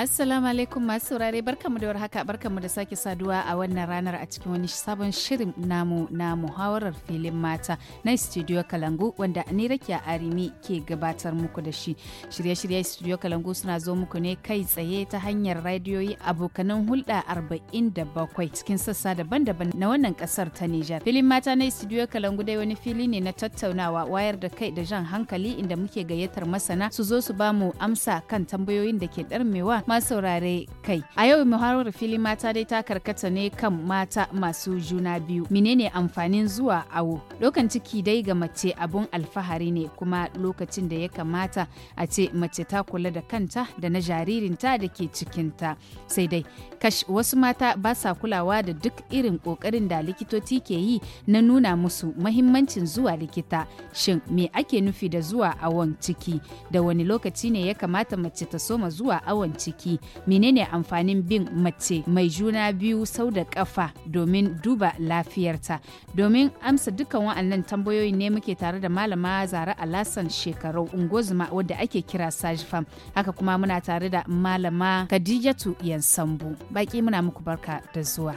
Assalamu alaikum masu saurare barkamu da warhaka barkamu da sake saduwa a wannan ranar a cikin wani sabon shirin namu na muhawarar filin mata na Studio Kalangu wanda ni Rakiya Arimi ke gabatar muku da shi. Shirye-shirye Studio Kalangu suna zo muku ne kai tsaye ta hanyar radiyoyi abokanan hulɗa 47 cikin sassa daban-daban na wannan kasar ta Nijar. Filin mata na Studio Kalangu dai wani fili ne na tattaunawa wayar da kai da jan hankali inda muke gayyatar masana su zo su ba mu amsa kan tambayoyin da ke ɗarmewa masaurare kai. A yau muhawarar fili mata dai ta karkata ne kan mata masu juna biyu. Menene amfanin zuwa awo? Dokan ciki dai ga mace abun alfahari ne kuma lokacin da ya kamata a ce mace ta kula da kanta da na jaririnta da ke cikinta. Sai dai kash wasu mata ba sa kulawa da duk irin kokarin da likitoci ke yi na nuna musu mahimmancin zuwa likita. Shin me ake nufi da zuwa awon ciki? Da wani lokaci ne ya kamata mace ta soma zuwa awon ciki? jiki menene amfanin bin mace mai juna biyu sau da kafa domin duba lafiyarta domin amsa dukkan wa'annan tambayoyi ne muke tare da malama zara alasan shekaru ungozuma wadda ake kira sajifam haka kuma muna tare da malama khadijatu yansambu baki muna muku barka da zuwa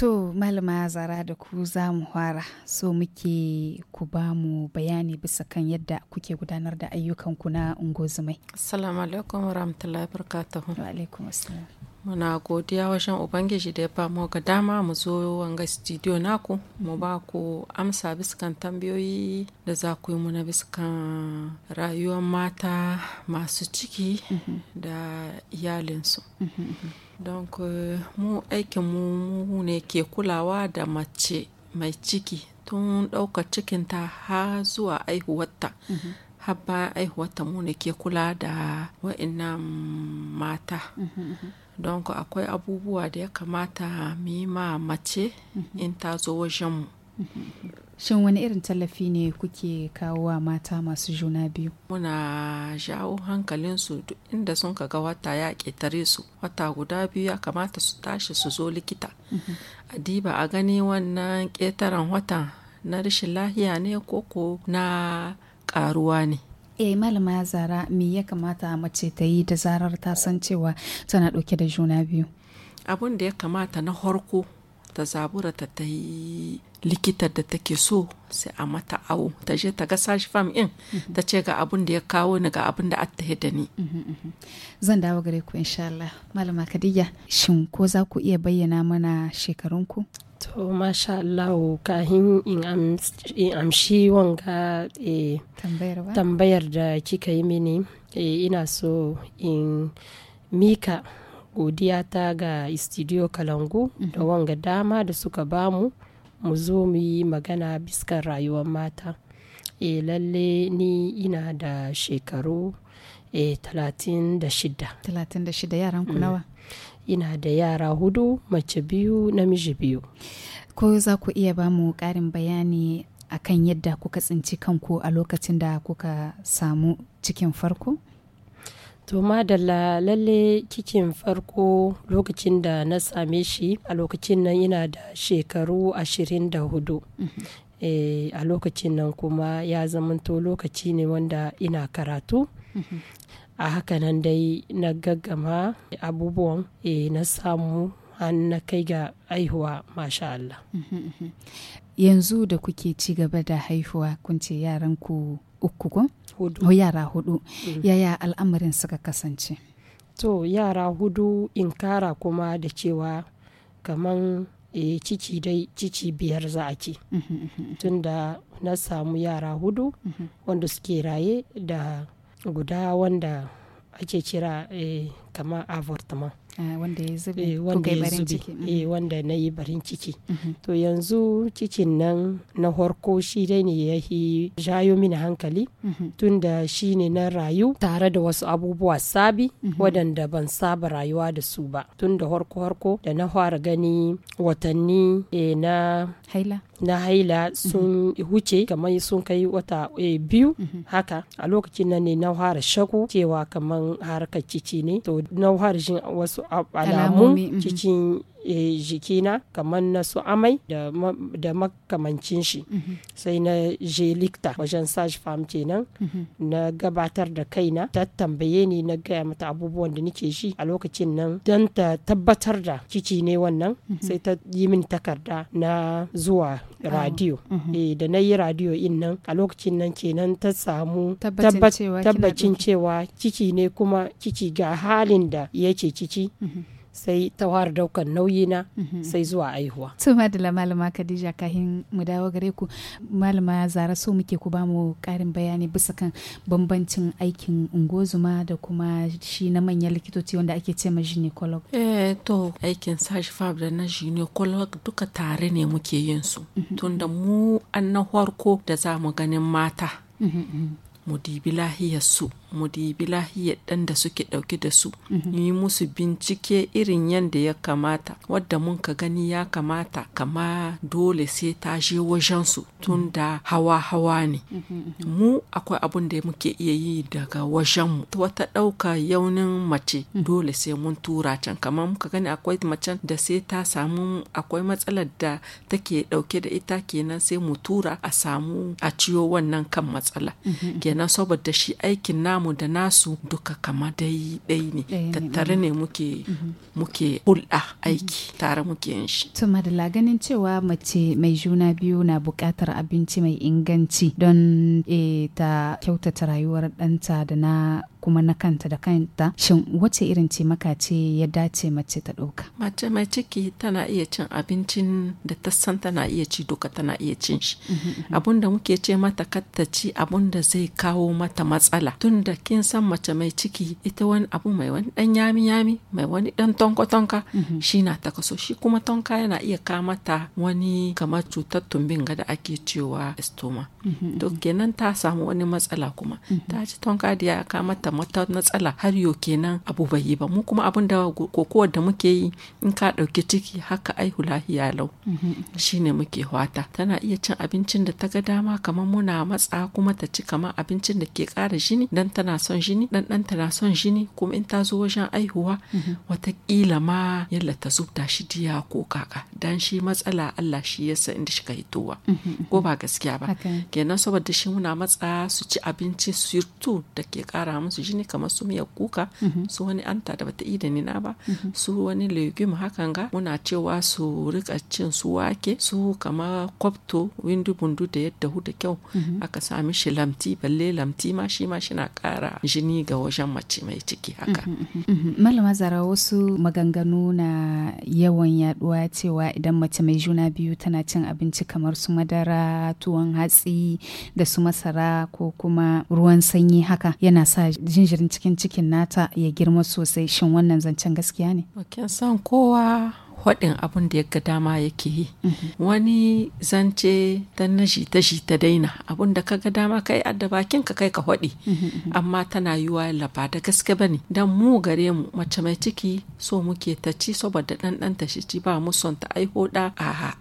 To malama zara da ku za mu fara so muke ku ba mu bayani bisa kan yadda kuke gudanar da ayyukanku na ungozumai. Assalamu alaikum wa rahmatullahi wa barakatuhu. Wa alaikum assalam. Muna godiya wajen Ubangiji da ya ba mu ga dama mu zo wanga studio naku mu ba ku amsa biskan tambayoyi da za ku yi muna biskan rayuwar mata masu ciki da iyalinsu. Don mu aikin mu ne ke kulawa da mace mai ciki tun ɗauka cikinta har zuwa aihuwarta. Har bayan aihuwarta mu ne ke kula da wa'innan mata. don ku akwai abubuwa da ya kamata mu yi ma mace mhm. in ta zo wajenmu shin wani irin tallafi ne kuke kawo wa mata masu juna biyu muna jawo hankalinsu duk inda sun ka ga wata ya ƙetare su wata guda biyu ya kamata su tashi su zo likita mhm. a diba a gani wannan ƙetaren watan na rashin lahiya ne koko na ƙaruwa ne eh malama zara me ya kamata mace ta yi da zarar ta san cewa tana ɗauke da juna biyu abun da ya kamata na harko ta zabura ta ta yi likitar da take so sai a mata awo ta je ta ga sashi fam in mhm. ta ce ga abin da ya kawo ni ga abin da atta da ni mhm, mhm, zan dawo gare ku insha Allah malama Khadija shin ko za ku iya bayyana mana shekarunku to masha Allah kahin in amshi wanga eh, tambayar da kika yi mini eh, ina so in mika godiya ta ga studio kalangu da mhm. wanga dama da suka bamu mu zo mu yi magana biskan rayuwar mata e lalle ni ina da shekaru e, talatin da shida talatin da shida yaran mm. nawa ina da yara hudu mace biyu namiji biyu ko za ku iya ba mu karin bayani akan yadda kuka tsinci kanku a lokacin da kuka samu cikin farko To madalla lalle kikin farko lokacin da na same shi a lokacin nan ina da shekaru ashirin da hudu. Mhm. Eh, a lokacin nan kuma ya zamanto lokaci ne wanda ina karatu. Mhm. A hakanan dai na gaggama abubuwan eh, na samu an na kai ga aihuwa masha Allah. Mhm, Yanzu da kuke ci gaba da haihuwa kun ce ku uku ko? Hudu. Oh, yara hudu. Mm. Yaya al'amarin suka kasance? To yara hudu in kara kuma da cewa kamar e, eh, cici dai cici biyar za a ce. Mm -hmm. Mm-hmm. Tunda na samu yara hudu mm -hmm. wanda suke raye da guda wanda ake kira e, eh, kamar avortement. Eh, wanda ya zube eh, wanda eh mm-hmm. wanda na yi barin ciki mm-hmm. to yanzu cikin nan na horko shi dai ne ya yi jayo mini hankali mm-hmm. tunda shi ne na rayu tare da wasu abubuwa sabi Wadanda ban saba rayuwa da su ba tun da horko horko da na fara gani watanni eh, na haila na haila mhm. sun huce kamar sun kai wata eh, biyu mhm. haka a lokacin nan ne na fara shaku cewa kamar harkar cici ne to na fara jin wasu alamun mhm. cikin Eh, jikina kamar na su amai da makamancin shi mhm. sai na je likta wajen sage farm kenan mhm. na gabatar da kaina ta tambaye ni na gaya mata abubuwan da nake shi a lokacin nan don ta tabbatar da kiki ne wannan mhm. sai ta yi min takarda na zuwa ah, radio eh, da na yi radio in nan a lokacin nan kenan ta samu tabbacin cewa kiki ne kuma kiki ga halin da yake ciki sai ta fara daukan nauyi na mhm. sai zuwa aihuwa. To madala malama Khadija kahin mu dawo gare ku malama Zara so muke ku bamu karin bayani bisa kan bambancin aikin ungozuma da kuma shi na manyan likitoci wanda ake ce ma gynecolog. Eh to aikin sashi fab da na gynecolog duka tare ne muke yin su. Mhm. Tunda mu an na farko da zamu ganin mata. Mhm, mu dibi lahiyar su. mu dibi lahiyar ɗan da suke ɗauke da su mhm. yi musu bincike irin yadda ya kamata wadda mun ka gani ya kamata kama dole sai ta je wajen su tun mhm. da hawa hawa ne mhm, mu akwai abin da muke iya yi daga wajen mu wata ɗauka yaunin mace dole sai mun tura can kamar muka gani akwai macen da sai ta samu akwai matsalar da take ɗauke da ita kenan sai mu tura a samu a ciyo wannan kan matsala kenan saboda shi aikin namu mu da nasu duka kama dai dai ne eh, tattare ne muke mhm. muke hulɗa aiki mhm. tare muke yin shi to madalla ganin cewa mace mai juna biyu na buƙatar abinci mai inganci don eh, ta kyautata rayuwar ɗanta da na kuma na kanta da kanta shin wace irin ce maka ce ya dace mace ta ɗauka mace mai ciki tana iya cin abincin da ta san tana iya ci duka tana iya cin shi mhm, mhm, mhm. abun da muke ce mata katta ci abun da zai kawo mata matsala tun da kin san mace mai ciki ita wani abu mai wani dan yami yami mai wani dan tonka tonka shi na ta kaso shi kuma tonka yana iya ka mata wani kamar cutar tumbin ga da ake cewa stoma to kenan ta samu wani matsala kuma ta ci tonka da ya ka mata samu wata matsala har yau kenan abu bai yi ba mu kuma abin da kokowar da muke yi in ka ɗauki ciki haka aihu lahiya lau mm-hmm. shine muke wata tana iya cin abincin da ta ga dama kamar muna matsa kuma ta ci kamar abincin da ke ƙara jini dan tana son jini dan dan tana son jini kuma in ta zo wajen aihuwa mm-hmm. watakila ma yalla ta zubta shi diya ko kaka dan shi matsala Allah shi yasa inda shi ka hitowa mm-hmm. ko ba gaskiya ba kenan saboda shi muna matsa su ci abinci surtu da ke ƙara musu jini kamar su miyar kuka mhm. su wani anta da bata da nina ba mhm. su wani legume hakan ga muna cewa su rika cin su wake su kama kwabto windu bundu da yadda hu da kyau mhm. aka sami shi lamti balle lamti ma shi ma shina kara jini ga wajen mace mai ciki haka malama zara wasu maganganu na yawan yaduwa cewa idan mace mai juna biyu tana cin abinci kamar su madara tuwon hatsi da su masara ko kuma ruwan sanyi haka yana sa jinjirin cikin cikin nata ya girma sosai shin wannan zancen gaskiya ne? san kowa haɗin abun da ga dama yake yi mhm. wani zance ta na jita jita daina abun da ga dama kai adda bakin ka kai ka haɗi mhm, mhm, amma tana yiwa laba da gaske ba ne. Don mu gare mu mace mai ciki so muke ta ci saboda ɗanɗan ta shi ci ba mu son ta aiho da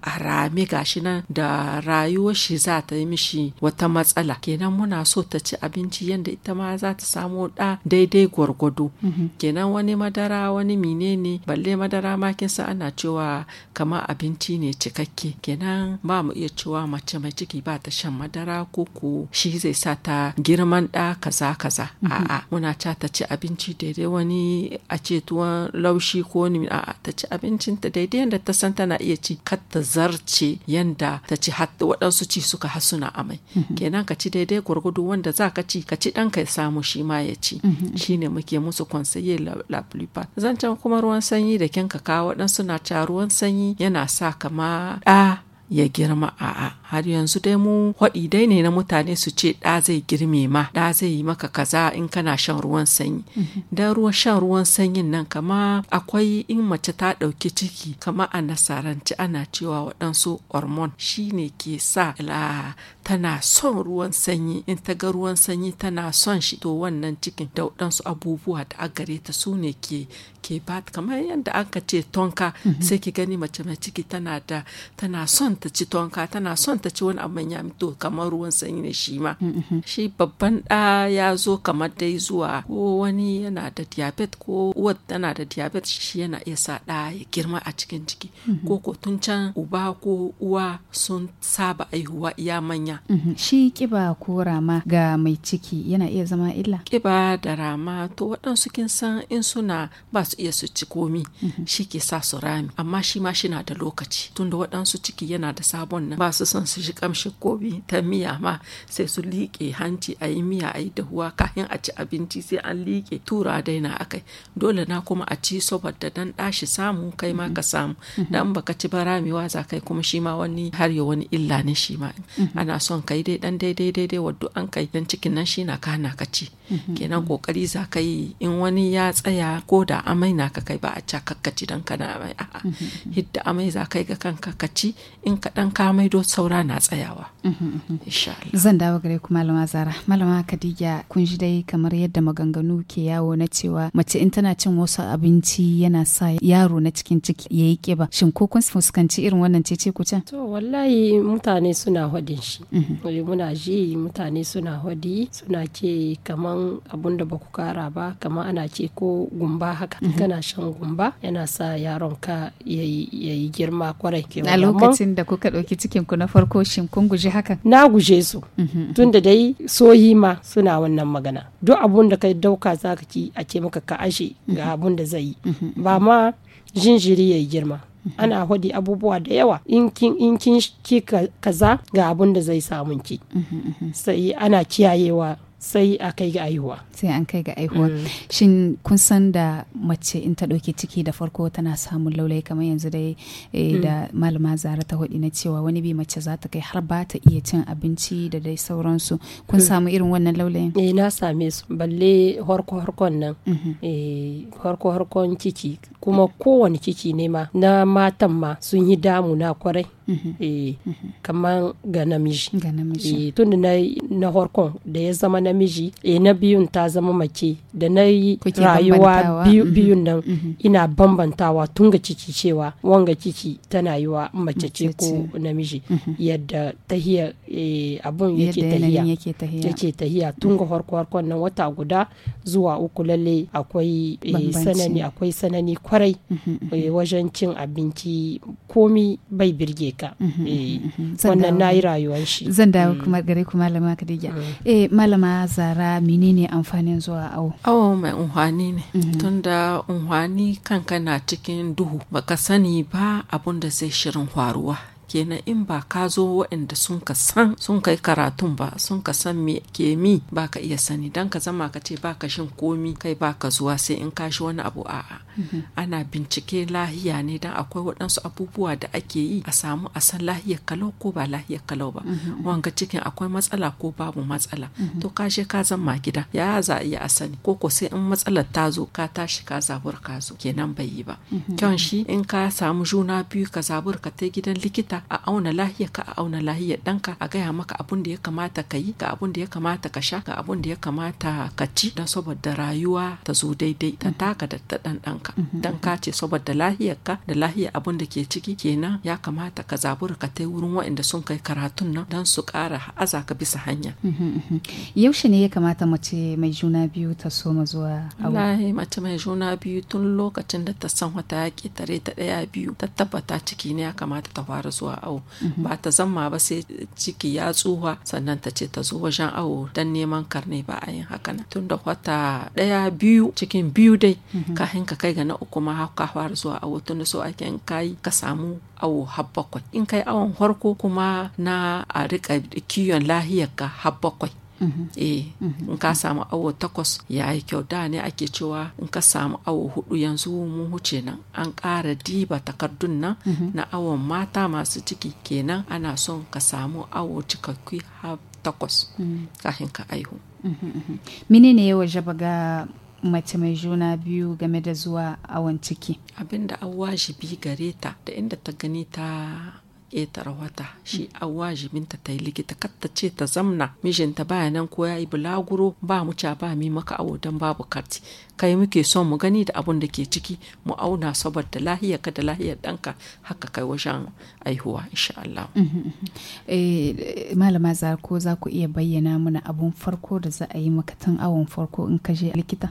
a rami gashi nan da rayuwar shi za ta yi mishi wata matsala kenan muna so ta ci abinci yadda ita ma za ta samo da daidai gwargwado kenan wani madara wani menene balle madara makin kin ana ana cewa kamar abinci ne cikakke kenan ba mu iya cewa mace mai ciki ba ta shan madara ko ko shi zai sa ta girman da kaza kaza mhm. a'a muna ta ta ci abinci daidai wani a ce tuwon laushi ko ni a'a ta ci abincin ta daidai yadda ta san tana iya ci kar ta zarce yanda ta ci har waɗansu ci suka hasuna amai mhm. kenan ka ci daidai gwargwado wanda za ka ci ka ci ɗan ka samu shi ma ya ci mhm. shine muke musu konsaye la plupart zancen kuma ruwan sanyi da ka kawo waɗansu na suna cewa ruwan sanyi yana sa kama ɗa ya girma a'a har yanzu dai mu haɗi dai ne na mutane su ce ɗa zai girme ma ɗa zai yi maka kaza in kana shan ruwan sanyi mhm. dan ruwan shan ruwan sanyin nan kama akwai in mace ta ɗauki ciki kama a nasaranci ana cewa waɗansu hormone shine ke sa tana son ruwan sanyi in ta ga ruwan sanyi tana son shi to wannan cikin da waɗansu abubuwa da a gare ta su ne ke ke ba kamar yadda an ka ce tonka mhm. sai ki gani mace mai ciki tana da tana son ta ci tonka tana son ta ci wani abu ya to kamar ruwan sanyi ne shi ma mm, mhm. shi babban ɗaya ya zo kamar dai zuwa ko wani yana da diabet ko wat tana da diabet shi yana iya sa ɗa ya girma a cikin ciki mhm. ko ko tun can uba ko uwa sun saba aihuwa iya manya duniya. Mhm. Shi kiba ko rama ga mai ciki yana iya zama illa? Kiba da rama to waɗansu kin san in suna ba su iya su ci komi mhm. shi ke sa su rami amma shi ma shi na da lokaci tunda waɗansu ciki yana da sabon nan ba su son su shi kamshi komi ta miya ma sai su liƙe hanci a yi miya a yi dahuwa kafin a ci abinci sai an liƙe tura daina akai dole na kuma a ci saboda dan ɗashi samu kai ma ka mhm. samu dan baka ci ba ramewa za kai kuma shi ma wani har ya wani illa ne shi ma ana son kai dai dan daidai daidai wadda an kai dan cikin nan shi na ka na ka ci mhm. kenan kokari za ka yi in wani ya tsaya ko da amai na ka kai ba a ca kakkaci dan kana amai a'a mhm, mhm, hidda amai za ka ga kanka ka ci in ka dan ka maido saura na tsayawa insha Allah zan dawo gare ku malama Zara malama Khadija kun ji dai kamar yadda maganganu ke yawo na cewa mace in tana cin wasu abinci yana sa yaro na cikin ciki yayi kiba shin ko kun fuskanci irin wannan cece ku can to wallahi mutane suna hodin shi wani muna ji mutane suna hodi. suna ce kaman abun da baku kara ba kaman ana ce ko gumba haka mhm. kana shan gumba yana sa yaron ka yi girma kwarai a lokacin da kuka ɗauki cikin ku na farko shin kun guji haka na guje su mhm. tunda dai soyi ma suna wannan magana duk abun da ka dauka zaka ci a ce maka ka ashe ga mhm. abun da zai yi ba ma jinjiri ya yi girma ana hodi abubuwa da yawa in kin ki kaza ga abun da zai samun ki mhm, mhm. sai ana kiyayewa sai a kai ga aihuwa sai an kai ga aihuwa mm. shin kun san da mace in ta ɗauki ciki da farko tana samun laulayi kamar yanzu dai eh, da mm. malama zara ta hudu na cewa wani bi mace za ta kai har ba ta iya cin abinci da dai sauransu kun mm. samu irin wannan laulayin eh na same su balle harko harkon nan mm-hmm. eh harko harkon ciki kuma kowane ciki ne ma na matan ma sun yi damu na kwarai mm-hmm. eh mm-hmm. kamar ga namiji ga namiji eh, na harkon da ya zama na namiji e na biyun ta zama mace da na yi rayuwa mm-hmm. biyun nan mm-hmm. ina bambantawa tun ga ciki cewa wanga ciki tana yi wa mace ce ko namiji mm-hmm. yadda tahiya eh, abun yake tahiya yake tahiya tun ga harko nan wata guda zuwa uku lalle akwai eh, sanani akwai sanani kwarai wajen cin abinci komi bai birge ka wannan na yi rayuwar shi zan dawo mm. kuma gare ku malama kadija mm. eh malama zara menene amfanin zuwa awo awo mai unhwani ne mhm. tunda unhwani kanka na cikin duhu baka sani ba abun da zai shirin faruwa kenan in ba ka zo waɗanda sun ka san sun kai karatun ba sun ka san me ke mi ba ka iya sani dan ka zama ka ce ba ka shin komi kai ba ka zuwa sai in ka shi wani abu a'a mm-hmm. ana bincike lahiya ne dan akwai waɗansu abubuwa da ake yi a samu a san lahiyar kalau ko ba lahiyar kalau ba mm-hmm. wanga cikin akwai matsala ko babu matsala mm-hmm. to kashe ka zama gida ya za iya a sani ko ko sai in matsalar ta zo ka tashi ka zabur ka zo kenan bai yi ba kyan shi in ka samu juna biyu ka zabur ka ta gidan likita a auna lahiyar ka a auna lahiyar ɗanka a gaya maka abun da ya kamata ka yi ga abun da ya kamata ka sha ga abun da ya kamata ka ci don saboda rayuwa ta zo daidai ta mm-hmm. taka da ta dan danka mm-hmm. dan ka ce saboda lahiyar ka da lahiyar abun da ke ciki kenan ya kamata ka zaburi ka tai wurin waɗanda sun kai karatun nan don su ƙara aza ka bisa hanya. Mm-hmm, Yaushe ne ya kamata mace mai juna biyu ta soma zuwa aure? mace mai juna biyu tun lokacin da ta san wata yaƙi tare ta ɗaya biyu ta tabbata ciki ne ya kamata ta fara zuwa zuwa awo ba ta zama ba sai ciki ya tsuwa sannan ta ce ta zo wajen awo dan neman karni ba a yin haka nan tun da wata ɗaya biyu cikin biyu dai kafin ka kai ga na uku ma ka fara zuwa awo tun da so ake kai ka samu awo har in kai awon farko kuma na a riƙa kiyon lahiyar ka har bakwai Mm-hmm. eh mm-hmm. in ka samu awo takwas ya yi kyau da ne ake cewa in ka samu awo hudu yanzu mun huce nan an ƙara diba takardun nan mm-hmm. na awon mata masu ciki kenan ana son ka samu awo cikakki har takwas kafin ka aihu ne ya waje ga mace mai juna biyu game da zuwa awon ciki abinda an washi bi gare ta da inda ta gani ta ƙetare wata shi a wajibinta ta yi likita kar ce ta zamna mijinta baya nan ko ya yi bulaguro ba mu ca ba mi maka awo don babu karti kai muke son mu gani da abun da ke ciki mu auna saboda lahiyar ka da lahiyar ɗanka haka kai wajen aihuwa insha Allah. Mhm, mhm, mhm. Eh, Malama za ko za ku iya bayyana mana abun farko da za a yi maka tun awon farko in ka je likita?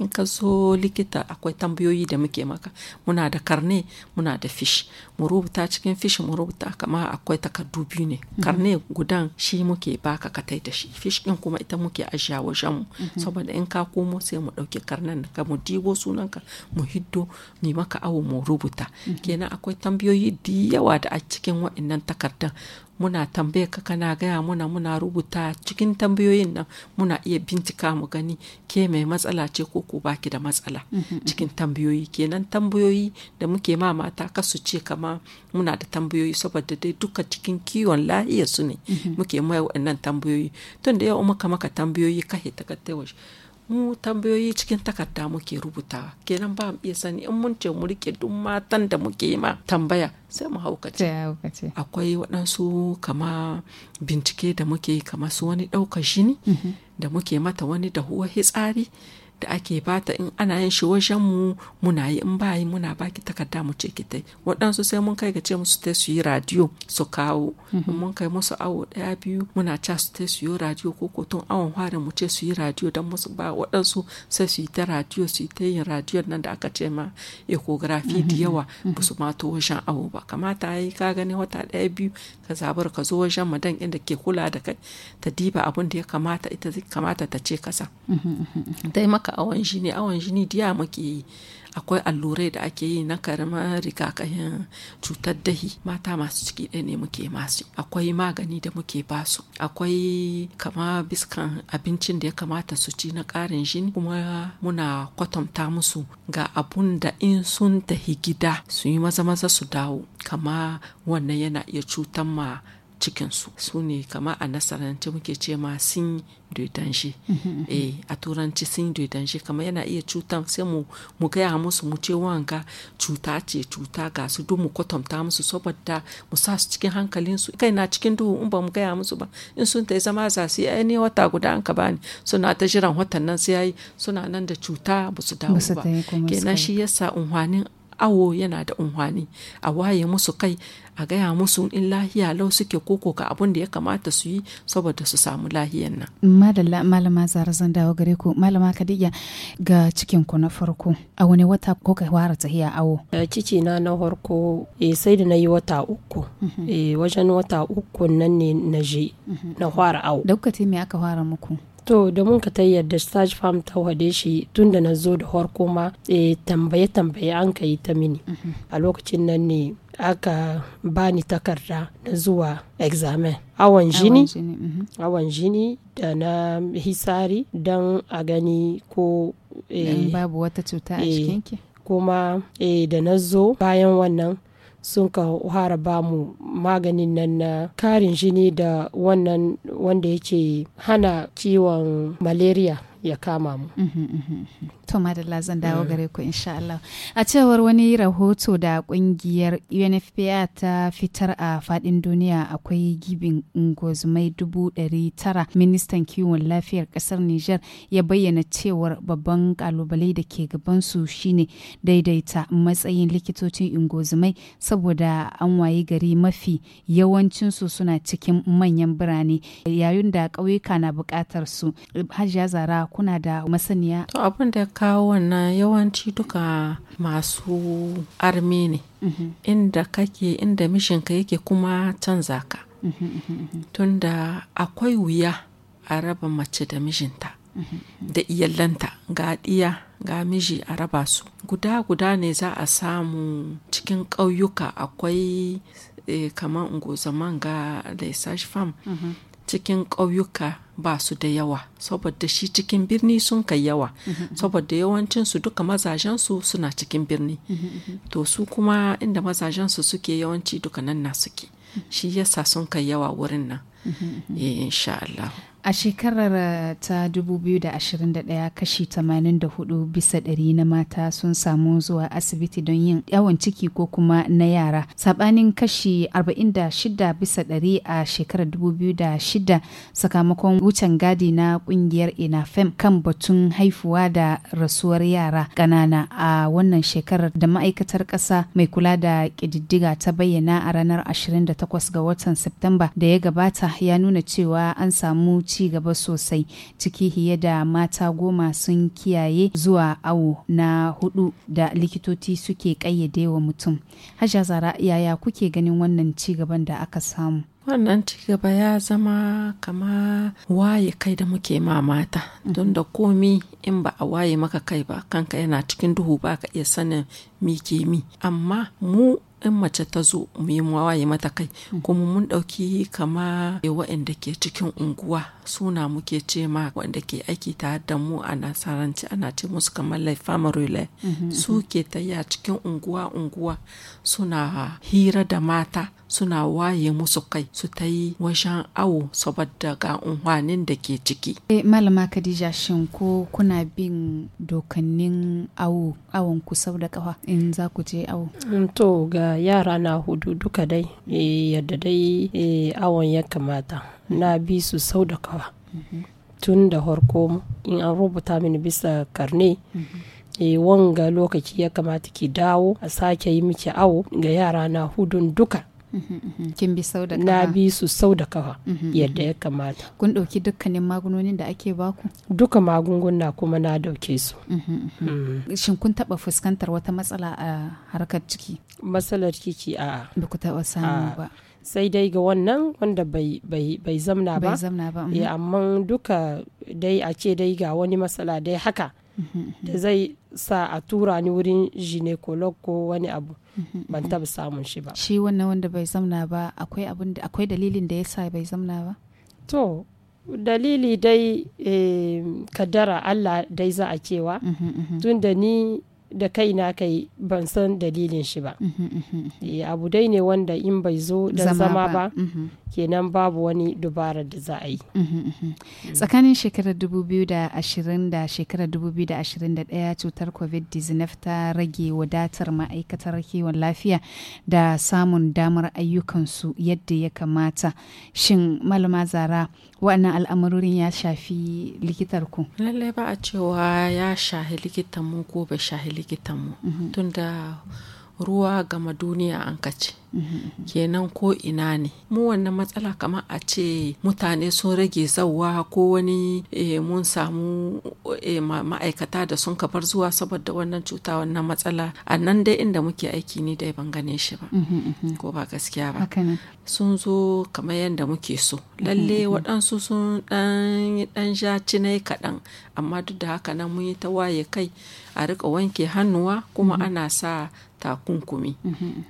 in ka zo likita akwai tambayoyi da muke maka muna da karne muna da fish mu rubuta cikin fish mu rubuta kama akwai takardu biyu ne mhm. karne gudan shi muke baka ka tai da shi fish din kuma ita muke ajiya wajen mu mhm. saboda in ka komo sai mu dauke karnan ka mu dibo sunanka mu hiddo mu maka awo mu rubuta mhm. kenan akwai tambayoyi da yawa da a cikin waɗannan takardun muna tambaye ka kana gaya muna muna rubuta cikin tambayoyin nan muna iya bincika mu gani ke mai matsala ce ko ko baki da matsala mm-hmm. cikin tambayoyi kenan tambayoyi da muke ma mata kasu ce kama muna da tambayoyi saboda dai duka cikin kiwon lahiyar su ne mm-hmm. muke mai waɗannan tambayoyi tun da yau muka maka tambayoyi ka hita ka mu tambayoyi cikin takarda muke rubutawa kenan ba mu iya sani in mun ce mu rike duk matan da muke ma tambaya sai mu haukace akwai waɗansu kama bincike da muke yi kama su wani ɗaukar shi mhm. da muke mata wani da huwa hitsari da ake bata in ana yin shi wajen mu muna yi in bayi muna baki takarda mu ce ki tai waɗansu sai mun kai ga ce musu tai su yi radio su kawo mhm. mun kai musu awo ɗaya biyu muna ca su ta su yi radio ko ko tun awon fara mu ce su yi radio don musu ba waɗansu sai su yi ta radio su ta yin radio nan da aka ce ma ecography da mhm. yawa mhm. ba su ma to wajen awo ba kamata ya yi ka gani wata ɗaya biyu ka zabar ka zo wajen madan inda ke kula da kai ta diba abin da ya kamata ita kamata ta ce kasa dai mhm, mhm, mhm. maka awon jini awon jini diya muke yi akwai allurai da ake yi na karama rigakafin cutar dahi mata masu ciki ɗaya ne muke masu akwai magani da muke basu akwai kama biskan abincin da ya kamata su ci na ƙarin jini kuma muna kwatanta musu ga abun da in sun tahi gida su yi maza maza su dawo kama wannan yana iya cutar ma cikinsu su ne kama a nasarance muke ce ma sun dodanshi mm-hmm. eh a turanci sun dodanshi kama yana iya cuta sai mu mu gaya musu mu ce wanka cuta ce cuta ga su mu kwatanta musu saboda mu sa su cikin hankalin su kai na cikin duhu in ba mu gaya musu ba in sun ta zama za su yi ne wata guda an ka bani suna ta jiran watan nan sai yayi suna nan da cuta ba su dawo ba kenan shi yasa unhwanin awo yana da unhwani a waye musu kai a gaya musu in lahiya lau suke koko ga abin da ya kamata su yi saboda su samu lahiyan nan. Madalla malama zara zan dawo gare ku malama kadiya ga cikin ku na farko a wani wata ko ka fara tahiya awo. Ciki na na farko eh, sai da na yi wata uku mhm. eh, wajen wata uku nan ne na je mhm. na fara awo. Dauka mai aka fara muku? to da mun ka tayar da stage farm ta wade shi tun da na zo da harko ma eh, tambaye tambaye an ka yi ta mini a lokacin nan ne aka bani takarda na zuwa examen awon jini mhm. awon jini da na hisari don a gani ko eh, babu wata cuta a eh, cikinki kuma da na zo bayan wannan sun ka fara ba mu maganin nan na karin jini da wannan wanda yake hana ciwon malaria ya kama mu. Mhm, mhm, mhm. To madalla zan dawo eh. gare ku insha Allah. A cewar wani rahoto da kungiyar UNFPA ta fitar a fadin duniya akwai gibin ungozumai dubu ɗari tara ministan kiwon lafiyar ƙasar Nijar ya bayyana cewar babban kalubale da ke gabansu shine daidaita matsayin likitocin ungozumai saboda an waye gari mafi yawancinsu suna cikin manyan birane yayin da ƙauyuka na buƙatar su. Hajiya Zara kuna da masaniya to abin da kawo wannan yawanci duka masu arme ne mhm. inda kake inda mishinka yake kuma canza ka mhm, mhm, tunda akwai wuya a raba mace da mijinta da iyalanta ga ɗiya ga miji a raba su guda guda ne za a samu cikin ƙauyuka akwai e, kamar zaman ga laisash farm cikin ƙauyuka ba su da yawa saboda shi cikin birni sun kai yawa saboda yawancinsu duka mazajensu suna cikin birni to su kuma inda mazajensu suke yawanci duka nan na suke shi yasa sun kai yawa wurin nan eh, insha Allah A shekarar eh, ta 2021 kashi 84 bisa ɗari na mata sun samu zuwa asibiti don yin yawon ciki ko kuma na yara. Sabanin kashi 46 bisa ɗari a shekarar 2006 sakamakon wucin gadi na ƙungiyar INAFEM kan batun haifuwa da rasuwar yara ƙanana a wannan shekarar da ma'aikatar ƙasa mai kula da ƙididdiga ta bayyana a ranar 28 ga watan Septemba da ya gabata ya nuna cewa an samu ci gaba sosai ciki fiye da mata goma sun kiyaye zuwa awo na hudu da likitoci suke kayyade wa mutum hajja zara yaya kuke ganin wannan ci gaban da aka samu wannan gaba ya zama kama waye kai da muke ma mata mm. don da komi in ba a waye maka kai ba kanka yana cikin duhu ba ka iya sanin mi ke mi amma mu in mace ta zo mu yi waye mata kai kuma mun ɗauki kama waɗanda ke cikin unguwa suna muke ce ma waɗanda ke aiki tare da mu a nasaranci ana ce musu kamar laifama relay mm-hmm, su mm-hmm. ke taya cikin unguwa unguwa suna hira da mata suna waye musu kai su ta yi wajen awo saboda ga unhwanin da ke ciki. Eh, malama Khadija shin ko kuna bin dokannin awo awon ku sau da kafa in za ku je awo. Mm, to ga yara na hudu duka dai eh, yadda dai eh, awon ya kamata na bi su sau da kawa tun da harko in an rubuta mini bisa karne eh, wanga lokaci ya kamata ki dawo a sake yi miki awo ga yara na hudun duka kin bi sau da kafa na bi su sau da kafa mhm, yadda ya mhm. kamata kun ɗauki dukkanin magungunan da ake baku duka magunguna kuma na dauke su mhm, shin kun taɓa fuskantar wata matsala a harkar ciki matsalar ciki a ba ku taɓa samu ba sai dai ga wannan wanda bai, zamna ba, ba. Eh, amma duka dai a ce dai ga wani matsala dai haka da zai sa a tura ni wurin ginecolog ko wani abu ban taba samun shi ba shi wannan wanda bai zamna ba akwai abin da akwai dalilin da yasa bai zamna ba to dalili dai eh, kadara Allah dai za a cewa tunda ni da kai na kai ban san dalilin shi ba mhm, mhm, mhm. Eh, abu dai ne wanda in bai zo da zama ba kenan babu wani dubarar da za a yi mm. tsakanin shekarar 2020 da shekarar 2021 cutar covid-19 ta rage wadatar ma'aikatar kiwon lafiya da samun damar ayyukansu yadda ya kamata shin malama zara waɗannan al'amarorin ya shafi likitar ku lallai ba a cewa ya shahi likitan mu ko bai shahi likitan mu mhm. tunda ruwa gama duniya an kace kenan ko ina ne mu wannan matsala kamar a ce mutane sun rage zauwa ko wani eh, mun samu eh, ma'aikata da sun kafar zuwa saboda wannan cuta wannan matsala a nan dai inda muke aiki ni dai ban gane shi ba ko ba gaskiya ba sun zo kamar yadda muke so lalle waɗansu sun ɗan ja cinai kaɗan amma duk da haka nan mun yi ta waye kai a riƙa wanke hannuwa kuma ana sa ta takunkumi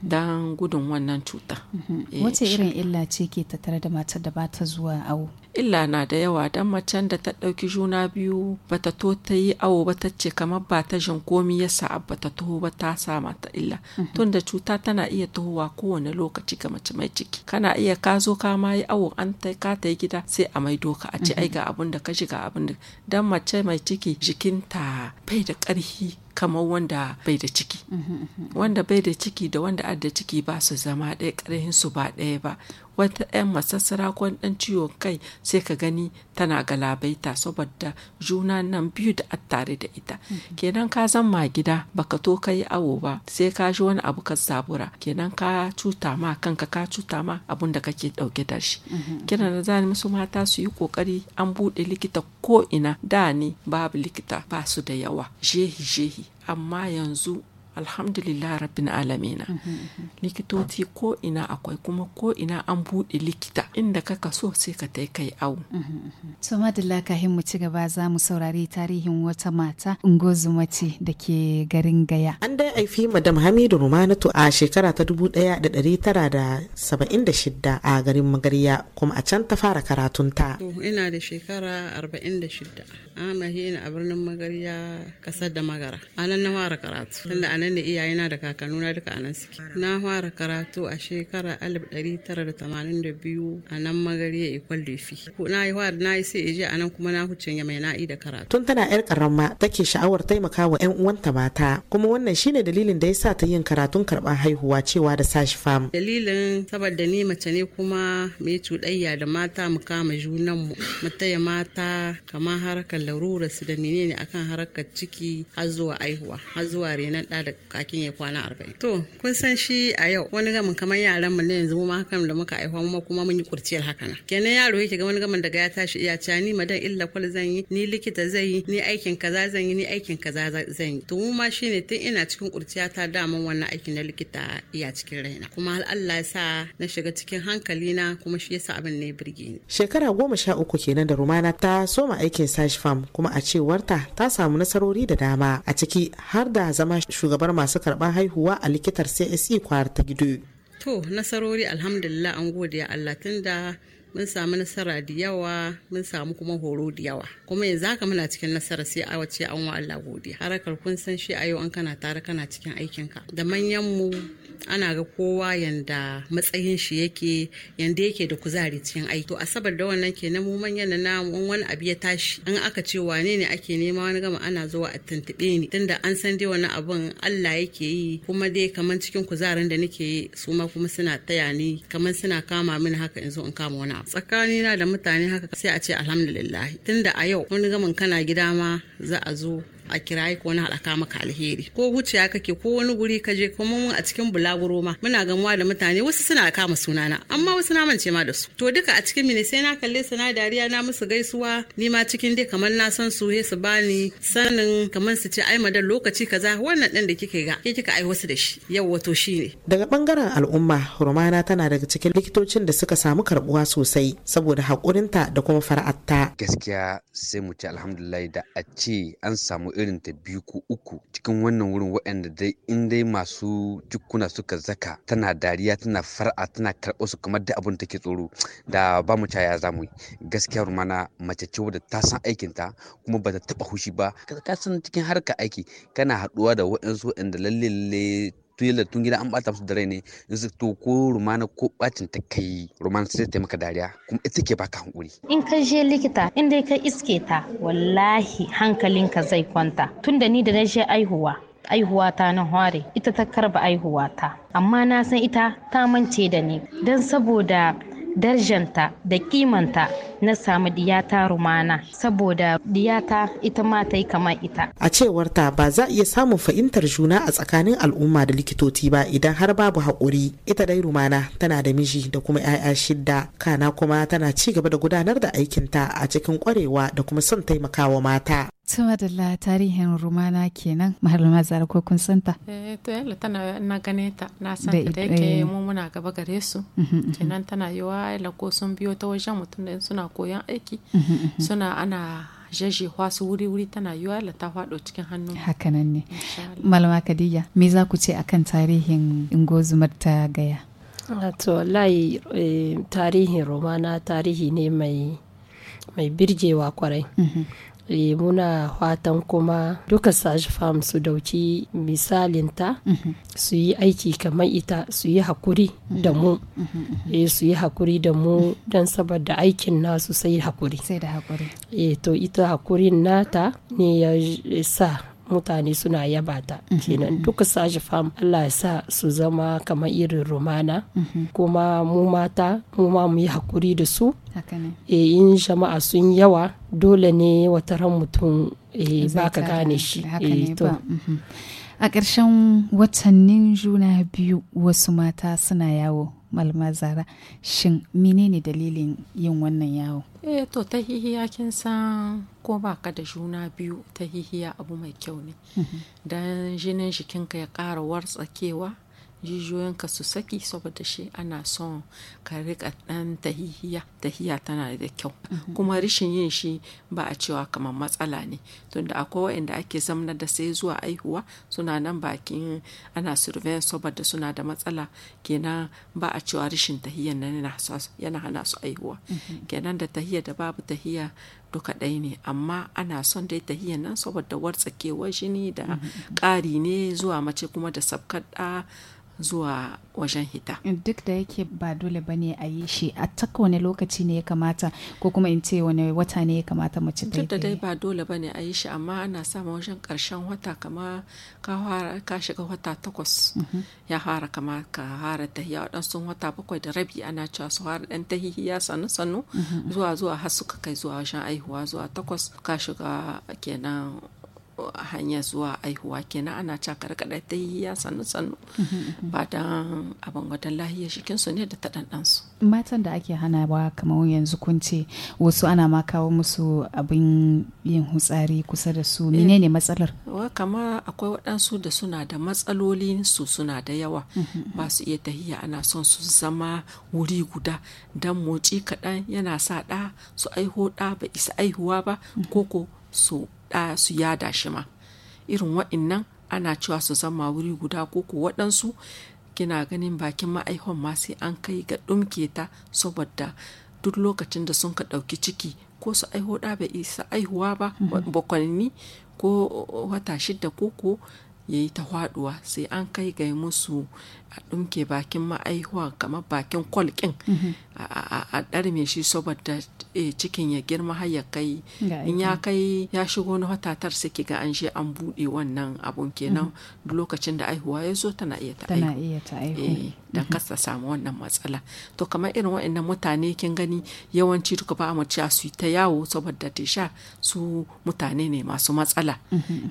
don gudun wannan cuta. Mhm. Eh, Wace irin illa ce ke tattare da matar da ba ta zuwa awo? illa na da yawa don macen da ta ɗauki juna biyu bata to ta yi awo ba ta ce kamar ba ta jin komi ya sa ba ta taho ba ta sa mata illa mhm. tun da cuta tana iya tahowa kowane lokaci ga mace mai ciki kana iya ka zo ka ma yi awo an ta ka ta yi gida sai a mai doka a ce ai mhm. ga abin da ka shiga abin da dan mace mai ciki jikinta bai da ƙarfi kamar wanda bai da ciki mhm, wanda bai da ciki da wanda da ciki ba su zama ɗaya ƙarfin su ba ɗaya ba wata 'yan sarakon dan ciwon kai sai ka gani tana galabaita saboda juna nan biyu da attare da ita mm-hmm. kenan ka zama gida baka to ka yi awo ba sai ka ji wani abu ka zabura kenan ka cuta ma kanka ka cuta ma abun da kake ɗauke da shi mm-hmm. kiran da zani musu mata su yi kokari an buɗe likita ko ina da ne babu likita ba su da yawa jehi jehi amma yanzu alhamdulillah rabbin alamina mhm, mhm. likitoci ko ina akwai kuma ko ina an buɗe likita inda kaka so sai ka tai kai au. So madalla kahin mu ci gaba za mu saurari tarihin wata mata ungozuma ce da ke garin gaya an dai aifi madam hamidu rumanatu a shekara ta 1976 a garin magarya kuma a can ta fara karatunta ina da shekara 46 Ana shi ina a birnin magarya kasar da magara a nan na fara karatu tunda a nan da iyayena da kakannuna duka a nan suke na fara karatu a shekara 1982 anan a nan magariya ikwal ko na yi wa na yi sai je a nan kuma na hucin ya mai na'i da karatu tun tana yar karama take sha'awar taimaka wa yan uwanta mata kuma wannan shine dalilin da ya sa ta yin karatun karɓar haihuwa cewa da sashi fam dalilin saboda ni mace ne kuma mai cuɗayya da mata mu kama junan mu mu taya mata kamar harkar larura su da menene akan harkar ciki har zuwa haihuwa har zuwa renan ɗa da kakin ya kwana arba'in to kun san shi a yau wani gamin kamar yaran mu ne yanzu mu ma hakan da muka haihuwa mu kuma mun yi kurciyar haka na kenan yaro yake ga wani gaman daga ya tashi iya ca ni madan illa kwal zan yi ni likita zan yi ni aikin kaza zan yi ni aikin kaza zan yi to mu ma shine tun ina cikin kurciya ta daman wannan aikin na likita iya cikin raina kuma har Allah ya sa na shiga cikin hankali na kuma shi yasa abin ne birge ni shekara goma sha uku kenan da rumana ta soma aikin sash farm kuma a cewarta ta samu nasarori da dama a ciki har da zama shugabar masu karban haihuwa a likitar CSE kwar ta gido To nasarori alhamdulillah an gode Allah da. mun samu nasara da yawa mun samu kuma horo da yawa kuma yanzu haka muna cikin nasara sai a wace an wa Allah godiya harakar kun san shi a yau an kana tare kana cikin aikinka da manyan mu ana ga kowa yanda matsayin shi yake yanda yake da kuzari cikin aiki to asabar da wannan kenan mu manyan na mun wani abu ya tashi in aka ce wane ne ake nema wani gama ana zuwa a tuntube ni tunda an san dai wani abun Allah yake yi kuma dai kaman cikin kuzarin da nake yi su ma kuma suna taya ni kaman suna kama mini haka in zo in kama wani tsakani na da mutane haka sai a ce alhamdulillah tunda a yau wani gamin kana gida ma za a zo a kiraye ko wani haɗaka maka alheri ko wuciya kake ko wani guri ka je kuma mun a cikin bulaguro ma muna gamuwa da mutane wasu suna kama sunana amma wasu na mance ma da su to duka a cikin mini sai na kalle su na dariya na musu gaisuwa ni ma cikin dai kamar na san su su bani sanin kamar su ce ai madan lokaci kaza wannan din da kike ga ke kika ai wasu da shi yau wato shine daga bangaren al'umma rumana tana daga cikin likitocin da suka samu karbuwa sosai saboda hakurinta da kuma fara'atta gaskiya sai mu ce alhamdulillah da a ce an samu irin ta biyu ko uku cikin wannan wurin waɗanda dai in dai masu jukuna suka zaka tana dariya tana fara'a tana karɓar su kamar da abin take tsoro da ba mu caya za mu yi gaskiya rumana mace ce wadda ta san aikin ta kuma ba ta taɓa hushi ba ka san cikin harka aiki kana haɗuwa da waɗansu waɗanda lalle lalle tila tun gida an bata musu da rai ne yanzu to ko rumana ko bacin ta kai rumana sai ta maka dariya kuma ita ke baka hankuri in ka je likita in dai ka iske ta wallahi hankalinka zai kwanta tun da ni da na je aihuwa aihuwata na hware ita ta karba aihuwata amma na san ita ta mance da ni don saboda darjanta da kimanta na samu diyata rumana saboda diyata ita ma ta yi kamar ita. A cewarta ba za iya samun fahimtar juna a tsakanin al'umma da likitoci ba idan har babu haƙuri. Ita dai rumana tana da miji da kuma 'ya'ya shidda kana kuma tana ci gaba da gudanar da aikinta a cikin ƙwarewa da kuma son taimakawa mata. Tuma da la tarihin rumana kenan malama zara ko kun santa? Eh to yalla tana na gane na san ta da yake eh. mu muna gaba gare su. Mhm, mhm, mhm. Kenan tana yiwa yalla ko sun biyo ta wajen mutum da suna koyan aiki suna ana jajjewa su wuri-wuri tana yiwa yalla ta faɗo cikin hannu. Hakanan ne. Malama me za ku ce akan tarihin ingozumar ta gaya? Ah, to wallahi eh, tarihin rumana tarihi ne mai mai birgewa kwarai. eh muna fatan kuma duka sashi fam su dauki misalinta mhm. su yi aiki kamar ita su yi hakuri mhm. da mu mhm, eh su yi hakuri da mu don saboda aikin nasu sai hakuri sai da hakuri eh to ita hakurin nata ne ya sa mutane suna yaba ta mhm. kenan mhm. duka sashi fam Allah ya sa su zama kamar irin rumana mhm. kuma mu mata mu ma mu yi hakuri da su e in jama'a sun yawa dole ne ran mutum eh, ba ka gane shi eh, a ƙarshen watannin juna biyu wasu mata suna yawo malama zara shin menene dalilin yin wannan yawo eh to ta hihiya kin san ko baka da juna biyu ta hihiya abu mai kyau ne mhm. dan jinin shikinka ya ƙara wartsakewa jijiyoyinka su saki saboda shi ana son ka rika ɗan tahihiya tahiya tana da kyau mhm. kuma rishin yin shi ba a cewa kamar matsala ne tunda akwai waɗanda ake zamna da sai zuwa aihuwa suna nan bakin ana surveillance saboda suna da matsala kenan ba a cewa rishin tahiyan nan yana hana su aihuwa mhm. kenan da tahiya da babu tahiya duka ɗaya ne amma ana son dai tahiyya nan saboda wartsakewar jini da mhm. ƙari ne zuwa mace kuma da sabkar ɗa zuwa wajen hita duk da yake ba dole bane a yi shi a taka wani lokaci ne ya kamata ko kuma in ce wani wata ne ya kamata mace ta duk da dai ba dole bane a yi shi amma ana sama wajen karshen wata kama ka shiga wata takwas mhm. ya fara kama ka fara tahiya waɗansu wata bakwai da rabi ana cewa su fara ɗan hihiya sannu sannu mhm. zuwa zuwa har suka kai zuwa wajen aihuwa zuwa takwas ka shiga kenan hanya zuwa aihuwa kenan ana ca karkada ta yi ya sannu sannu ba dan abin wadan lahiya shikin su ne da ta su. matan da ake hanawa kamar yanzu kun ce wasu ana ma kawo musu abin yin hutsari kusa da su menene matsalar kama akwai waɗansu da suna da matsalolin su suna da yawa ba su iya tahiya ana son su zama wuri guda dan motsi kaɗan yana sa ɗa su aiho ɗa ba isa aihuwa ba koko su ɗa su yada shi ma irin wa'innan ana cewa su zama wuri guda ko ko waɗansu kina ganin bakin ma'aihon ma sai an kai ga ɗumke ta saboda duk lokacin da sun ka ɗauki ciki ko su aiho ɗa bai isa aihuwa ba mhm. bakwanni ko wata shida ko ko ya yi ta faɗuwa sai an kai ga musu a ɗumke bakin ma'aihuwa kamar bakin kwalkin mhm. a ɗarme shi saboda eh, cikin ya girma har ya kai in ya kai ya shigo na watatar suke ga an je an buɗe wannan abun kenan mhm. duk lokacin da aihuwa ya zo tana iya ta aihu eh, don mhm. kasa samu wannan matsala to kamar irin waɗannan mutane kin gani yawanci duka ba mu cewa su ta yawo saboda sha su mutane ne masu matsala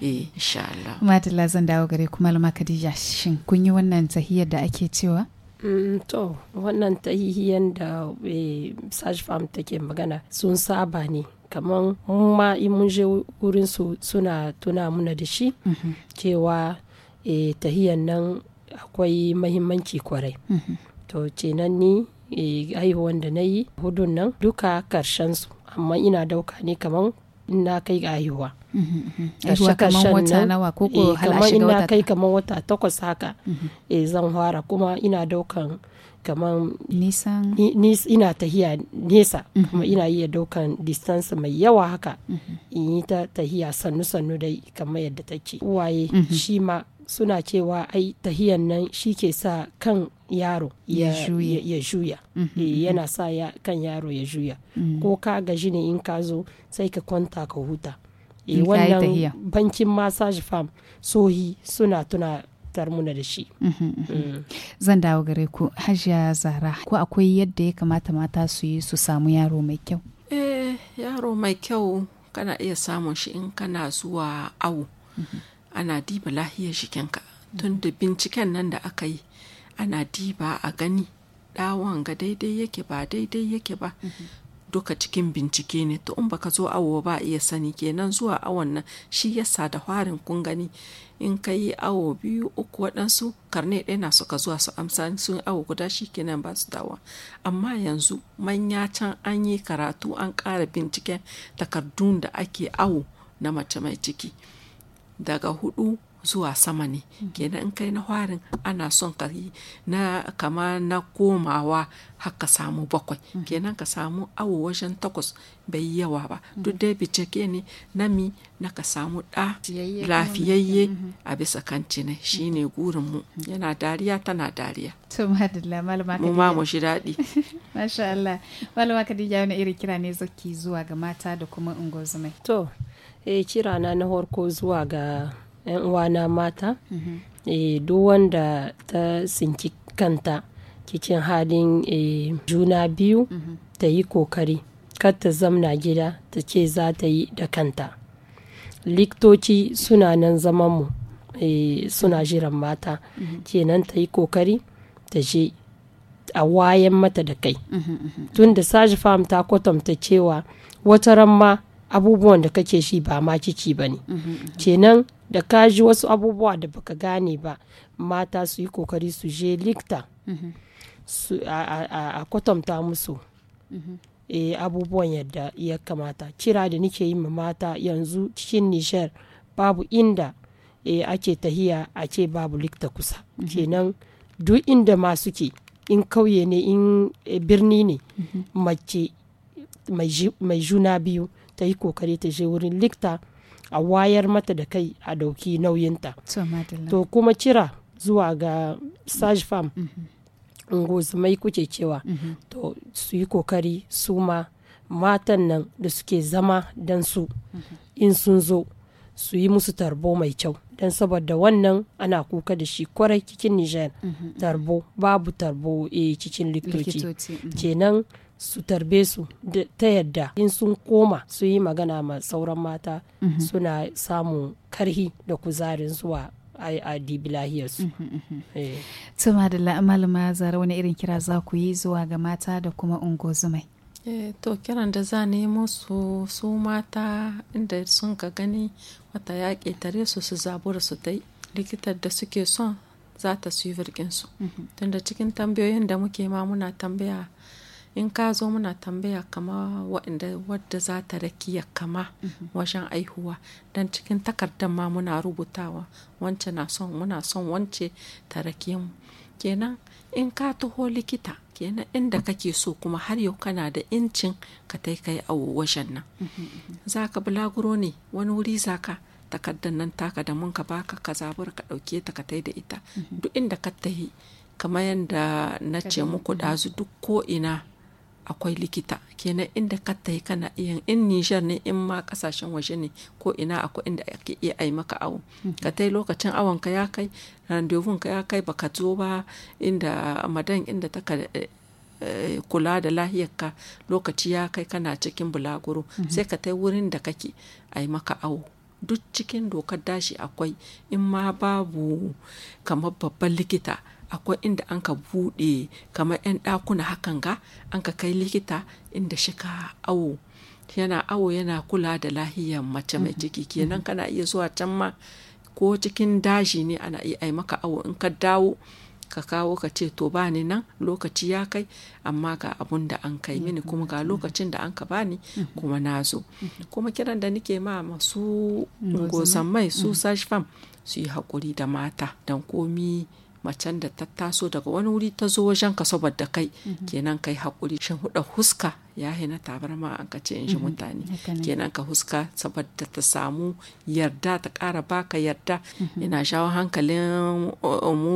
eh insha Allah zan dawo gare kuma Malama Khadija shin kun yi wannan tahiyar Da ake cewa? Mm, to wannan ta yi yadda eh, farm take magana sun saba ne kamar ma in mun je wurin su suna tuna muna da shi mhm. cewa eh, tahiyan nan akwai mahimmanci kwarai mhm. to kenan ni eh, haihuwan da na yi hudun nan duka karshen su amma ina dauka ne kamar na kai ga haihuwa Mm-hmm. wata nawa ko ko eh, hala shiga wata? ina kai kamar wata takwas haka mm-hmm. eh, zan fara kuma ina daukan kamar nisan ina tahiya nesa mm-hmm. kuma ina iya daukan distance mai yawa haka in yi ta tahiya sannu sannu dai kamar yadda take uwaye shi ma suna cewa ai tahiyan nan shi ke sa kan yaro ya juya eh, yana sa kan yaro ya juya ko ka gaji ne in ka zo sai ka kwanta ka huta e wannan bankin massage farm sohi suna tuna tarmuna da shi. Mm. Zan dawo gare ku hajiya zara ko akwai yadda ya kamata mata su yi su samu yaro mai kyau? Eh, yaro mai kyau kana iya samun shi in kana zuwa awo ana diba lahiyar shikenka tun da binciken nan da aka yi ana diba a gani ɗawon ga daidai yake ba daidai yake ba duka cikin bincike ne to in baka zo awo ba iya sani kenan zuwa awon nan shi yasa da farin kun gani in ka yi awo biyu uku waɗansu karne ɗaya na suka zuwa su amsa sun awo guda shi kenan ba su dawa amma yanzu manya can an yi karatu an ƙara binciken takardun da ake awo na mace mai ciki daga hudu zuwa sama ne kenan in kai na hwarin ana son ka yi na kama na komawa haka samu bakwai mm. kenan ka samu awo wajen takwas bai yawa ba mm. duk dai bicike ne na mi na ka samu ɗa lafiyayye mm-hmm. a bisa kan ne shi gurin mu mm-hmm. yana dariya tana dariya to madalla malama mu ma mu shi daɗi masha Allah malama Khadija wani iri kira ne zuki zuwa ga mata da kuma ungozumai to eh kira na na horko zuwa ga 'yan uwana mata mm-hmm. eh, duk wanda ta tsinki kanta cikin halin eh, juna biyu mm-hmm. ta yi kokari kar ta zamna gida ta ce za ta yi da kanta liktoci suna nan zamanmu eh, suna jiran mata mm-hmm. kenan ta yi kokari ta je a wayan mata da kai Tunda da fam ta kwatanta cewa wata ran ma abubuwan da kake shi ba ma ciki ba ne kenan da ka ji wasu abubuwa da baka gane ba mata su yi kokari su je likta a kwatanta musu eh, abubuwan yadda ya kamata kira da nike yi ma mata yanzu cikin nishar babu inda e, ake tahiya a ce babu likta kusa kenan duk inda ma suke in kauye ne in eh, birni ne mace mai juna biyu ta yi kokari ta je wurin likta a wayar mata da kai a dauki nauyinta to kuma cira zuwa ga sage farm mhm. ungozumai kuke cewa mhm. to su yi kokari su ma matan nan da suke zama don su mhm. in sun zo su yi musu tarbo mai kyau don saboda wannan ana kuka da shi kwarai cikin nijar tarbo babu tarbo e cikin likitoci kenan su tarbe su ta yadda in sun koma su yi magana ma sauran mata mhm. suna samun karhi da kuzarin zuwa a dibi lahiyarsu. Mhm, mhm, eh. da malama zara wani irin kira za ku yi zuwa ga mata da kuma ungozumai. Eh, to kiran da za nemo su su mata inda sun ka gani wata yaƙi tare su su zabura su tai likitar da suke son za ta su yi virginsu. Tunda cikin tambayoyin da muke ma muna tambaya in ka zo muna tambaya kama waɗanda wadda za ta rakiya kama mhm. wajen aihuwa don cikin takardar ma muna rubutawa wance na son muna son wance ta rakiya mu kenan in ka taho likita kenan inda kake so kuma har yau kana da incin ka tai kai awo wajen nan mhm, mhm. za ka bulaguro ne wani wuri za ka takardar nan taka da mun ka baka ka zabar ka ɗauke ta ka tai da ita duk inda ka tahi kamar yadda na ce muku dazu duk ko ina akwai likita kenan inda ka tai kana iya in Nijar ne in ma kasashen waje ne ko ina akwai inda ake iya ai maka awo ka tai lokacin awon ka ya kai rendezvous ka ya kai baka zo ba inda madan inda taka eh, kula da lahiyarka lokaci ya kai kana cikin bulaguro mhm. sai ka tai wurin da kake ai maka awo duk cikin dokar dashi akwai in ma babu kamar babban likita akwai inda an ka buɗe kamar 'yan ɗakuna hakan ga an ka kai likita inda shi ka awo yana awo yana kula da lahiyar mace mai mm-hmm. ciki kenan mm-hmm. kana iya zuwa can ma ko cikin daji ne ana iya ai maka awo in ka dawo ka kawo ka ce to ba ni nan lokaci ya kai amma ga abun da an kai mini kuma ga mm-hmm. lokacin da an ka bani kuma na zo kuma kiran da nike ma masu gosan mai su sashfam su yi haƙuri da mata don komi macen da ta taso daga wani wuri ta zo wajen ka saboda kai mhm. kenan kai hakuri shin huda huska ya na tabarma an kace in shi mhm. mutane kenan ka huska saboda ta samu yarda ta kara baka yarda mhm. ina shawo hankalin uh, mu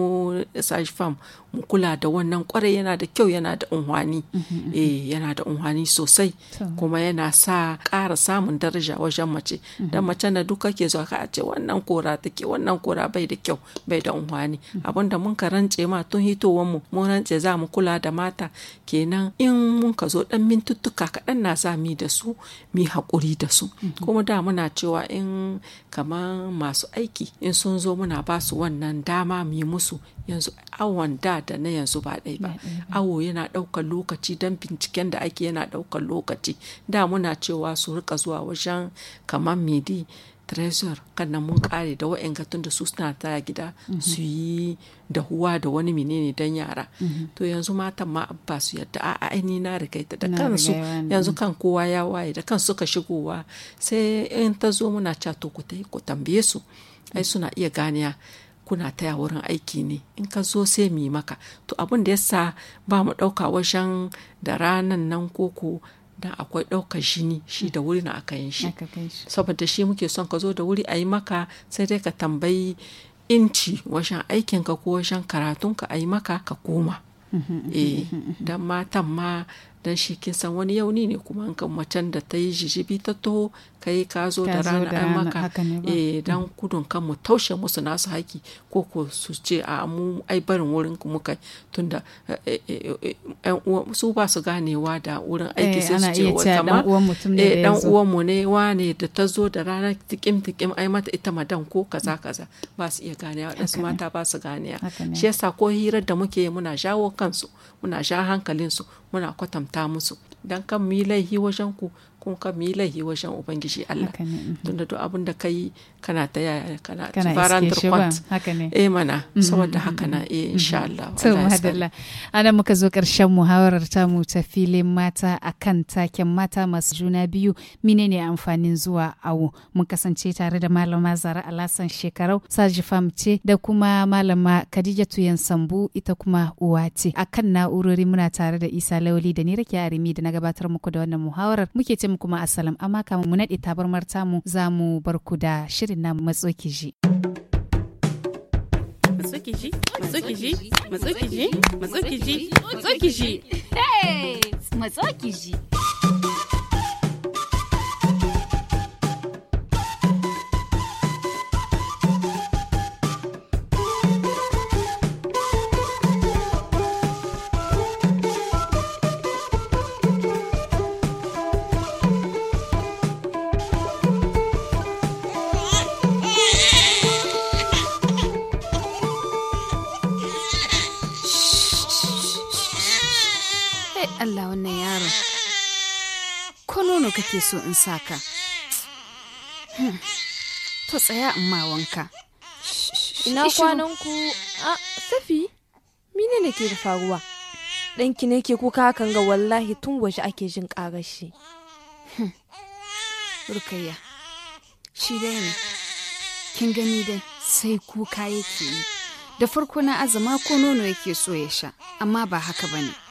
sashi fam mu kula da wannan kwarai yana da kyau yana da unhwani mm-hmm. eh yana da unhwani sosai kuma yana sa ƙara samun daraja wajen mace dan mm-hmm. mace na duka ke zuwa ka ce wannan kora take wannan kora bai da kyau bai da unhwani mm-hmm. abinda mun ka rance ma tun hitowar mu mun rance za mu kula da mata kenan in mun ka zo dan mintuttuka kaɗan na sa mi da su mi haƙuri da su kuma da muna cewa in kamar masu aiki in sun zo muna ba su wannan dama mu musu yanzu awon da da na yanzu ba ɗai ba mm, mm, mm. awo yana ɗaukar lokaci don binciken da ake yana ɗaukar lokaci da muna cewa su rika zuwa wajen kamar midi treasure kannan mun kare da wa'in gatun da su suna ta gida mm-hmm. su yi da huwa da wani menene don yara mm-hmm. to yanzu matan ma ba su yadda a aini na rigaita da kansu yanzu kan kowa ya waye da kan suka shigowa sai in ta zo muna cato ku tambaye su ai suna iya ganiya kuna taya wurin aiki ne in ka zo sai mu yi maka to abin da yasa ba mu ɗauka wajen da ranan nan koko dan akwai ɗaukar jini shi da wuri na aka yin shi saboda shi muke son ka zo da wuri a yi maka sai dai ka tambayi inci wajen aikinka ko wajen karatun ka a yi maka ka koma mhm, mhm, eh mhm, dan matan ma dan shi kin san wani yauni ne kuma an kan macen da ta yi jijibi ta taho kai ka zo da rana an maka e dan kudun kan mu taushe musu nasu haki ko ko su ce a mu ai barin wurin mu muka tunda eh, eh, su ba su ganewa da wurin aiki sai su ce wa kamar dan uwan mu ne ne da ta zo da rana tikim tikim ai mata ita madan ko kaza kaza ba su iya ganewa dan su mata ba su ganewa shi yasa ko hirar da muke muna jawo kansu muna ja hankalin su muna kwatanta haramta musu don kan mu yi laihi wajen ku kun ka mi laihi wajen ubangiji Allah don mhm. da duk abin da kai kana ta yaya kana faran turkwant eh mana mhm, saboda mhm, haka na eh insha Allah to madalla ana muka zo karshen muhawarar ta mu ta filin mata akan taken mata masu juna biyu menene amfanin zuwa awo mun kasance tare da malama Zara Alasan shekarau Saji Famce da kuma malama Khadija Tuyan Sambu ita kuma uwa ce akan na'urori muna tare da Isa Lawli da ni Rakiya Arimi da na gabatar muku da wannan muhawarar muke ce mu kuma asalam amma kamar mu naɗe tabarmar tamu za mu bar ku da shirin na ji. ji, matsokiji. Matsokiji, matsokiji, matsokiji, matsokiji, ji, Hey! ji. Allah wannan yaron ko nono kake so in saka hmm. to tsaya in ma wanka ina kwananku a safi mine ne ke da faruwa ɗanki ne ke kuka hakan ga wallahi tun waje ake jin ƙarashi hmm. rukayya shi dai ne kin gani dai sai kuka yake yi da farko na azama ko nono yake so ya sha amma ba haka ba ne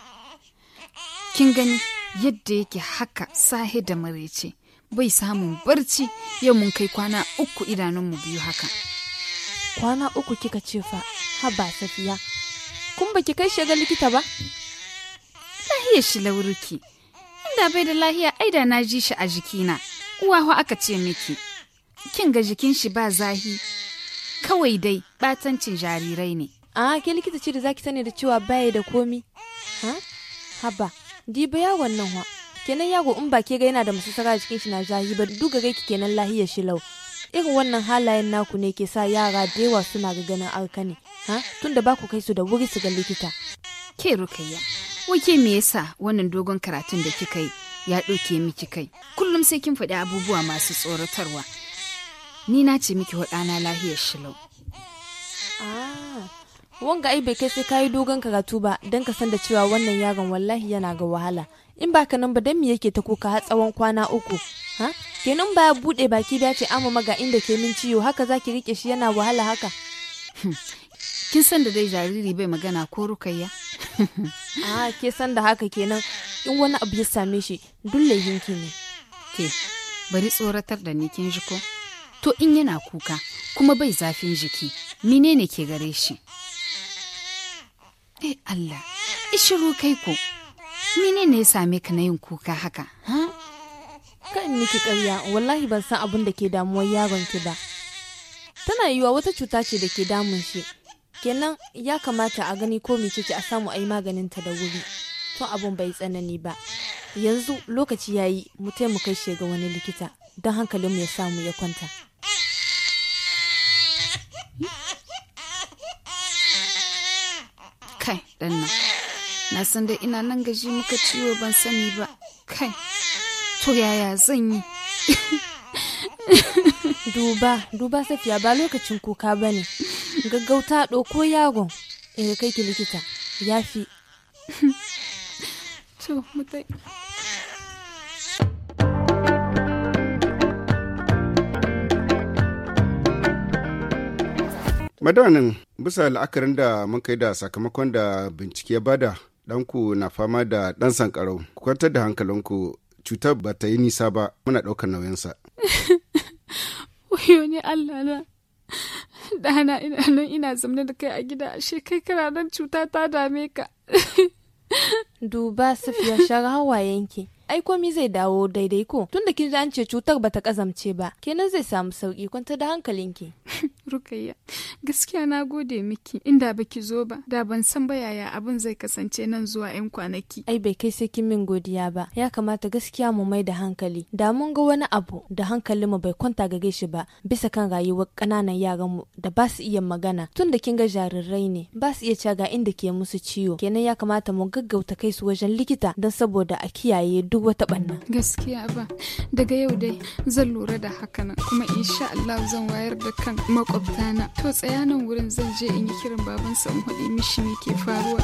kin gani yadda yake haka sahe da marece bai samun barci yau mun kai kwana uku idanunmu biyu haka kwana uku kika ce fa haba safiya kun baki kai shiga likita ba lahiya shi lauruki inda bai da lahiya ai da na ji shi a jikina uwa aka ce miki kin ga jikin shi ba zahi kawai dai batancin jarirai ne a ke likita ce da zaki sani da cewa baya da komi ha haba diba yagon nan wa kenan yago in ba ke ga yana da masassara cikin shi na jahi ba duk gare ki kenan lahiyar shi lau irin wannan halayen naku ne ke sa yara da yawa suna ga ganin arka ne ha tunda ba ku kai su da wuri su ga likita ke rukayya wake me yasa wannan dogon karatun da kika yi ya ɗauke miki kai kullum sai kin faɗi abubuwa masu tsoratarwa ni na ce miki waɗana lahiyar shilau ah wanga ai bai kai sai kayi dogon karatu ba don ka san da cewa wannan yaron wallahi yana ga wahala in ba ka nan ba don me yake ta kuka har tsawon kwana uku ha kenan ba ya bude baki da ce amma maga inda ke min ciwo haka zaki rike shi yana wahala haka hmm. kin san da dai jariri bai magana ko rukayya a ah, ke san da haka kenan in wani abu ya same shi duk yinki ne ke bari tsoratar da ni kin ji to in yana kuka kuma bai zafin jiki menene ke gare shi Eh Allah, ishiru eh, kai ku, mene ne ya same ka na yin kuka haka? Kan miki ƙarya, wallahi ban san abin da ke damuwar yaron ki ba. Tana yiwa wata cuta ce da ke damun shi. Kenan ya kamata a gani ko mece ce a samu a yi maganin ta da wuri. Tun abin bai tsanani ba. Yanzu lokaci ya yi mu taimaka shi ga wani likita don hankalinmu ya samu ya kwanta. kai ɗan nan na san da ina nan gaji muka ciwo ban sani ba kai to yaya zan yi duba duba safiya ba lokacin kuka ba ne gaggauta ɗauko yagon eh kai ki likita ya fi to mutai madanin bisa la'akarin da muka yi da sakamakon da bincike bada danku na fama da d'an sankarau ku kwantar da hankalinku cutar ba ta yi nisa ba muna ɗaukar nauyinsa wayo ne allah na dana ina nan ina da kai a gida ashe kai kana nan cuta ta dame ka duba safiya shara yanke. ai komi zai dawo daidai ko tunda kin ji an ce cutar bata kazamce ba kenan zai samu sauki kwantar da hankalinki Rukayya, gaskiya na gode miki inda baki zo ba, da ban san ba yaya abin zai kasance nan zuwa 'yan kwanaki. Ai bai kai sai kin min godiya ba, ya kamata gaskiya mu mai da hankali. Da mun ga wani abu da hankali mu bai kwanta ga gaishe ba, bisa kan rayuwar kananan yaran mu da ba su iya magana. Tun da kin ga jarirai ne, ba su iya caga inda ke musu ciwo. Kenan ya kamata mu gaggauta kai su wajen likita don saboda a kiyaye duk wata banna Gaskiya ba, daga yau dai zan lura da hakanan kuma insha Allah zan wayar da kan makwabta. makwabtana to tsaya nan wurin zan je in yi kiran babansa in haɗe mishi ne ke faruwa